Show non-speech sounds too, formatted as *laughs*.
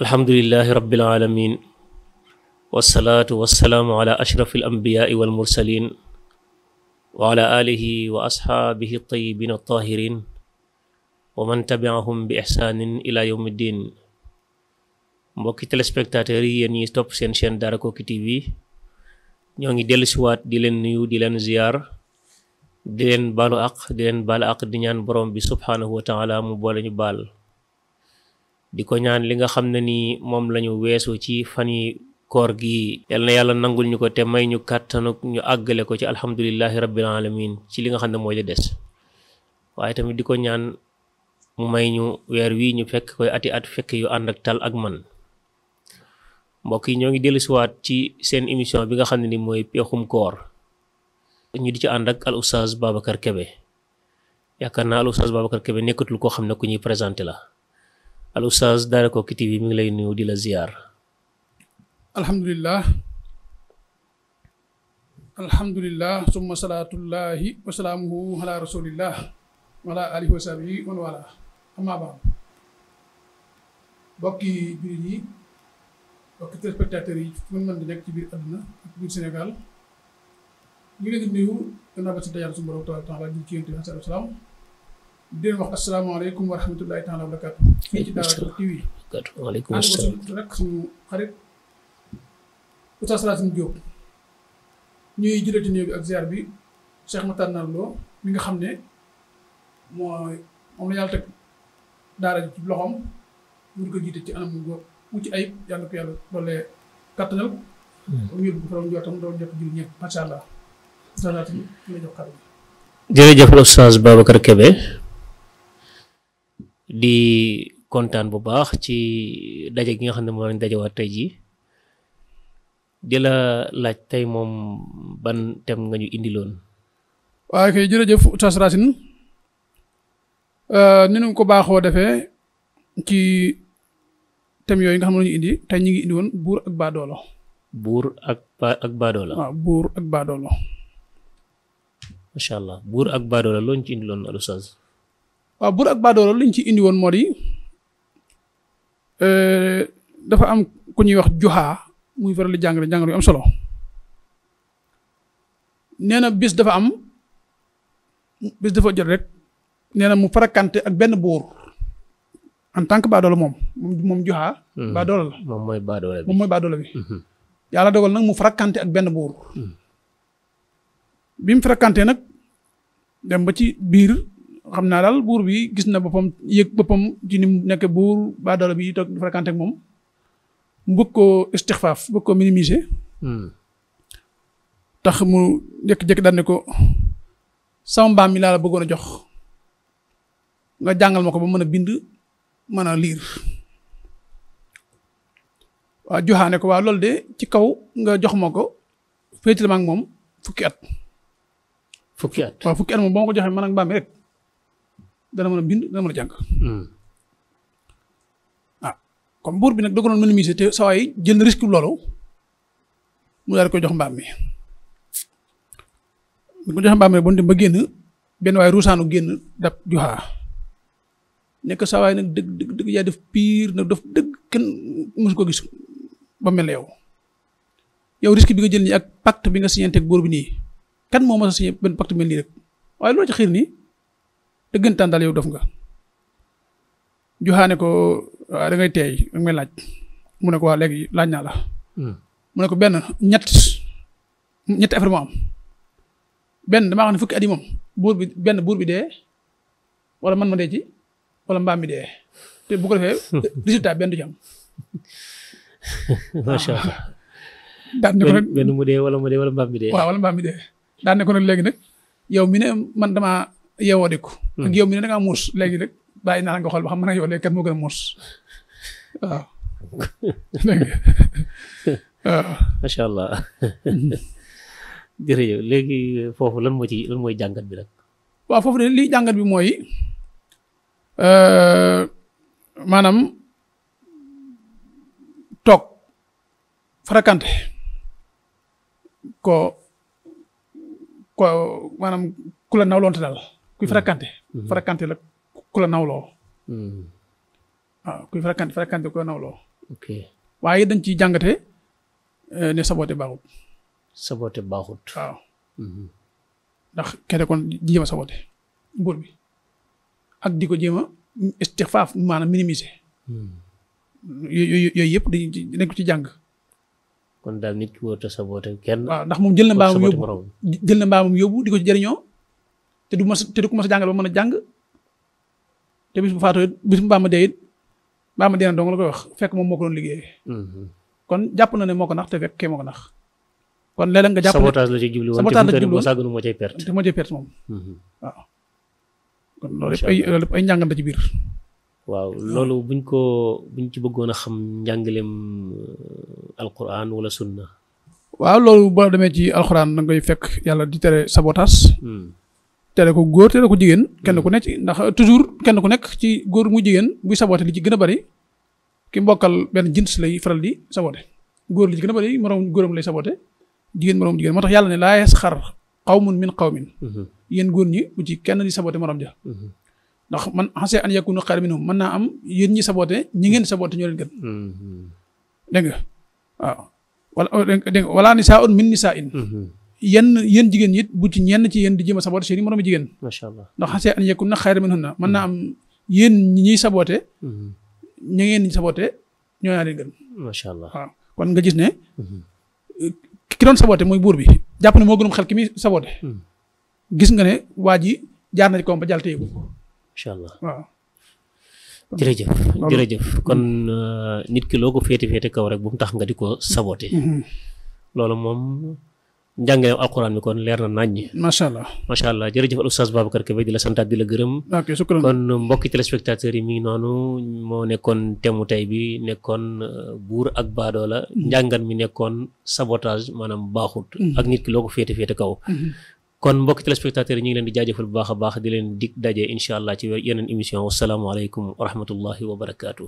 alhamdulillahi rabbil alamin wassalaatu wassalaamu ala ashrafil anbiyaai wal mursalin wa ala alihi wa ashaabihi tayyibin tahirin wa man tabiahum bi ihsaanin ila yawmiddin mbokki téléspectateurs yi yéen ñi topp seen chaîne Daara Koki TV ñoo ngi dellusiwaat di leen nuyu di leen ziyaar di leen baalu àq di leen baal àq di ñaan borom bi subhaanahu wa taala mu boole ñu baal di ko ñaan li nga xam ne nii moom lañu weesu ci fan yi koor gi yal na yàlla nangul ñu ko te may ñu kàttanuk ñu àggale ko ci alhamdulillahi rabbil alamin ci li nga xam ne mooy la des waaye tamit di ko ñaan mu may ñu weer wii ñu fekk koy ati at fekk yu ànd ak tal ak man mbokk yi ñoo ngi dellusiwaat ci seen émission bi nga xam ne ni mooy peexum koor ñu di ci ànd ak al oustaz Babacar Kebe yaakaar naa al oustaz Babacar Kebe nekkatul koo xam ne ku ñuy présenté la al oustaz Daara Koki TV mi ngi lay salaatullahi wa salaamuhu ala rasulillah wa ala alihi wa sahbihi wa wala bokki jullit yi bokki téléspectateurs yi fu mën di nekk ci biir àdduna biir Sénégal ñu ngi leen di ba si dajal suñu borom taala taala di ci yéen salaam di wax asalaamaaleykum wa rahmatulahi taala wa barakaatu. fii ci Daara TV. waaleykum ñuy jëlati néew ak ziar bi Cheikh Matar Ndar Lo mi nga xam ne mooy moom la yàlla teg daara ji ci ko jiite ci anam gu mu ci ayib yàlla ko yàlla doole kattanal. ñu hmm. yóbbu ko doon jotam doon jot jur ñëpp macha allah. Oustaz Racine la jox kàddu jërëjëf Oustaz Babacar Kébé. di kontaan bu baax ci daje gi nga xam ne moo leen dajewaat tey jii di la laaj tey moom ban thème nga ñu indiloon. waaye kay jërëjëf Oustaz Racine euh, ni ñu ko baaxoo defee ci tem yooyu nga xam ne ñu indi tey ñu ngi indi woon buur ak baadoolo. buur ak ba ak baadoolo. waaw buur ak baadoolo. allah buur ak baadoolo loo ñu ci indiloon Oustaz. waaw buur ak baadoolo liñ ci indi woon moo di euh, dafa am ku ñuy wax juxaa muy faral di jàngale jàngale yu am solo nee na bis dafa am bis dafa jot rek nee na mu farakante ak benn buur en tant que baadoolo moom moom juxaa hmm. baadoolo la moom mooy baadoolo moom mooy baadoolo bi hmm. yàlla dogal nag mu farakante ak benn buur hmm. bi mu farakante nag dem ba ci biir xam naa daal buur bi gis na boppam yëg boppam ci ni mu nekk buur baadala bi toog fréquenté ak moom mu bëgg koo istixfaaf bëgg koo minimiser. Hmm. tax mu jékki-jékki daal ko sama mbaam mi laa la bëggoon a jox nga jàngal ma ko ba mën a bind mën a liir. waaw joxaane ko waaw loolu de ci kaw nga jox ma ko féetale moom fukki at. fukki at waaw fukki moom boo ma ko joxee man ak mbaam mi rek. dana mën a bind dana mën a jàng. Hmm. ah comme buur bi nag da ko doon minimiser te saa waay jël na risque loolu mu daal koy jox mbaam mi. bu ko jox mbaam mi ba dem génn benn waay ruusaanu génn dab joxaa nekk saa waay nag dëgg dëgg def pire nag daf dëgg kenn mësu ko gis ba mel ne yow. yaw risque bi nga jël nii ak pacte bi nga signé teg buur bi nii kan moo mës a si benn pacte mel nii rek waaye loolu ci xiir nii. dëggantaan daal yow dof nga joxaane ko da ngay teey da laaj mu ne ko waa léegi laaj naa la. Hmm. mu ne ko benn ñett ñetti affaire moo am benn damaa xam ne fukki at moom buur bi benn buur bi dee wala man ma dee ci wala mbaam mi dee te bu ko defee *laughs* résultat benn du ci *laughs* *laughs* benn mu dee wala mu dee wala mbaam mbaam mi dee daan ne ko nag léegi nag yow mi man damaa. yeewoo diku hmm. ak yow mi ne da muus léegi rek bàyyi naa la nga xool ba xam mën a yow léegi kat moo gën a muus waaw *laughs* *laughs* *laughs* foofu lan moo ci mooy jàngat bi nag waaw foofu de lii jàngat bi mooy euh, maanaam toog fréquenté ko ko maanaam ku la nawloonte daal kuy mm. fréquenté. Mm-hmm. fréquenté la ku la nawloo. waaw mm. ah, kuy fréquenté fréquenté ku la nawloo. ok waaye dañ ciy jàngate eh, ne saboote baaxut. saboote baaxut. waaw. Mm-hmm. ndax kenn kon di jéem a saboote buur bi ak di ko jéem a istixfaaf maanaam minimiser. Mm. yooyu yooyu yëpp dañuy dañ ko ci jàng. kon daal nit ki wóor te saboote kenn. waaw ndax moom jël na mbaamam yóbbu jël na mbaamam yóbbu di ko ci jëriñoo. te du ma te du ko mos a jàngal ba mën a jàng te bis bu faatoo bis bu baax ma dee it ma dee na dong la koy wax fekk moom moo ko mm-hmm. kon jàpp na ne moo ko nax te fekk kee moo nga jàpp la ci jublu woon te bu ma sàgganu moo cay mm-hmm. loolu yëpp ay njàngam la ci biir. waaw buñ ko buñ ci bëggoon a xam njàngaleem uh, alquran wala boo demee ci alquran da ngay fekk yàlla di tere sabotage. Mm. tere ko góor tere ko jigéen kenn hmm. ko nekk ndax toujours kenn ku nekk ci góor mu jigéen buy saboote li ci gën a bari ki mbokkal benn jins lay faral di saboote góor li ci gën a bari moroom góoram lay saboote jigéen moroom jigéen moo tax yàlla ne laa yasxar qawmun min qawmin hmm. yéen góor ñi bu ci kenn di saboote moroom ja hmm. ndax man xase an yakunu xayran minhum mën naa am yéen ñi saboote ñi ngeen saboote ñoo leen gën dégg nga waaw wala dégg nga wala nisaa in yenn yenn jigéen ñi bu ci ñenn ci yéen di jëm a saboote seen i moromu jigéen. ndax xasee an yakun na xayra min hunna man mm-hmm. naa am yéen ñiy saboote. Mm-hmm. ña ngeen di saboote ñoo yaa leen gën. kon nga gis ne. Mm-hmm. ki doon saboote mooy buur bi jàpp ne moo gënum xel ki muy saboote. gis nga ne waa ji jaar na ci kawam ba jàll téyeeku. macha allah waaw. jërëjëf jërëjëf kon euh, nit ki loo ko féete féete kaw rek bu mu tax nga di ko sabote. loolu moom. njàngaleem alquran mi kon leer na naññ. macha allah macha allah jërëjëf al oustaz Babacar Kébé di la santaat di la gërëm. ok sukkandiku kon mbokki téléspectateurs yi mi ngi noonu moo nekkoon temu tey bi nekkoon euh, buur ak baadoo la. Mm-hmm. mi nekkoon sabotage baaxut. Mm-hmm. ak nit ki loo ko féete féete kaw. Mm-hmm. kon mbokki téléspectateurs yi ñu ngi leen di jaajëfal bu baax a baax di leen dig daje incha allah ci yeneen émission wasalaamaaleykum wa rahmatullahi wa barakaatu.